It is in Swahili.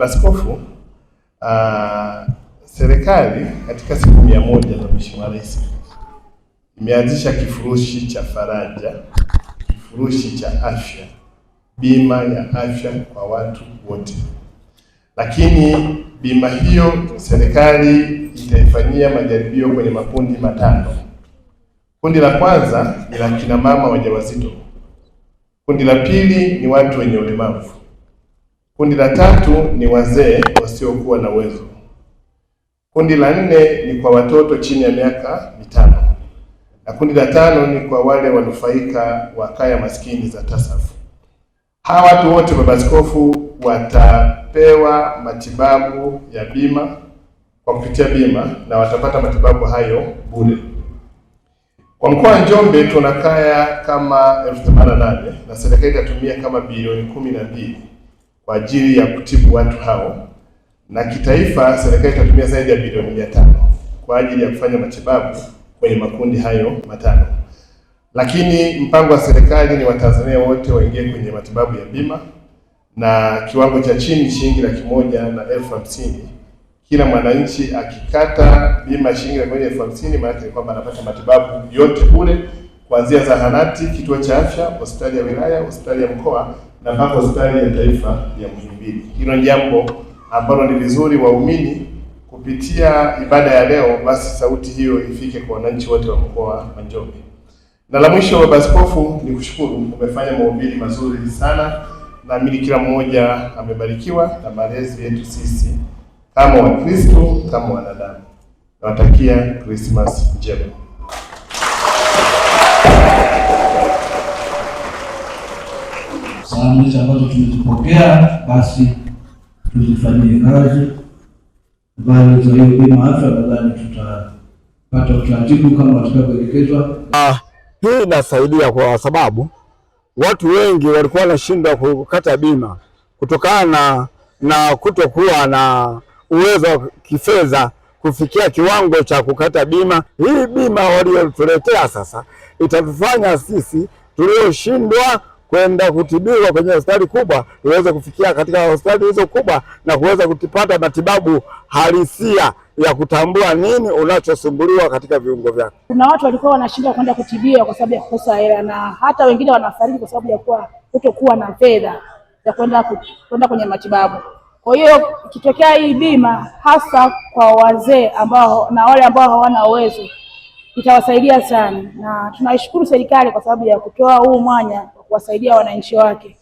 Askofu, uh, serikali katika siku mia moja za Mheshimiwa Rais imeanzisha kifurushi cha faraja, kifurushi cha afya, bima ya afya kwa watu wote, lakini bima hiyo serikali itaifanyia majaribio kwenye makundi matano. Kundi la kwanza ni la kina mama wajawazito, kundi la pili ni watu wenye ulemavu Kundi la tatu ni wazee wasiokuwa na uwezo. Kundi la nne ni kwa watoto chini ya miaka mitano, na kundi la tano ni kwa wale wanufaika wa kaya maskini za tasafu Hawa watu wote, baba askofu, watapewa matibabu ya bima kwa kupitia bima na watapata matibabu hayo bure. Kwa mkoa wa Njombe tuna kaya kama elfu themanini na nane na serikali itatumia kama bilioni kumi na mbili kwa ajili ya kutibu watu hao, na kitaifa serikali itatumia zaidi ya bilioni mia tano kwa ajili ya kufanya matibabu kwenye makundi hayo matano. Lakini mpango wa serikali ni Watanzania wote waingie kwenye matibabu ya bima na kiwango cha chini shilingi laki moja na elfu hamsini kila mwananchi akikata bima shilingi laki moja elfu hamsini maanake ni kwamba anapata matibabu yote bure kuanzia zahanati, kituo cha afya, hospitali ya wilaya, hospitali ya mkoa na mpaka hospitali ya taifa ya Muhimbili. Hilo jambo ambalo ni vizuri waumini kupitia ibada ya leo, basi sauti hiyo ifike kwa wananchi wote wa mkoa wa Njombe. Na la mwisho, baba askofu, ni kushukuru, umefanya mahubiri mazuri sana. Naamini kila mmoja amebarikiwa na malezi yetu sisi kama Wakristo, kama wanadamu. Nawatakia Krismasi njema. hizi ambazo tumezipokea basi tuzifanyie kazi. bali za hiyo bima afya, nadhani tutapata utaratibu kama tutakavyoelekezwa. Ah, hii inasaidia kwa sababu watu wengi walikuwa wanashindwa kukata bima kutokana na, na kutokuwa na uwezo wa kifedha kufikia kiwango cha kukata bima. Hii bima waliotuletea sasa itatufanya sisi tulioshindwa kwenda kutibiwa kwenye hospitali kubwa, uweze kufikia katika hospitali hizo kubwa na kuweza kupata matibabu halisia ya kutambua nini unachosumbuliwa katika viungo vyako. Kuna watu walikuwa wanashindwa kwenda kutibiwa kwa sababu ya kukosa hela, na hata wengine wanafariki kwa sababu ya kuwa kutokuwa na fedha ya kwenda kwenda kwenye matibabu. Kwa hiyo ikitokea hii bima, hasa kwa wazee ambao na wale ambao hawana uwezo, itawasaidia sana, na tunaishukuru serikali kwa sababu ya kutoa huu mwanya kuwasaidia wananchi wake.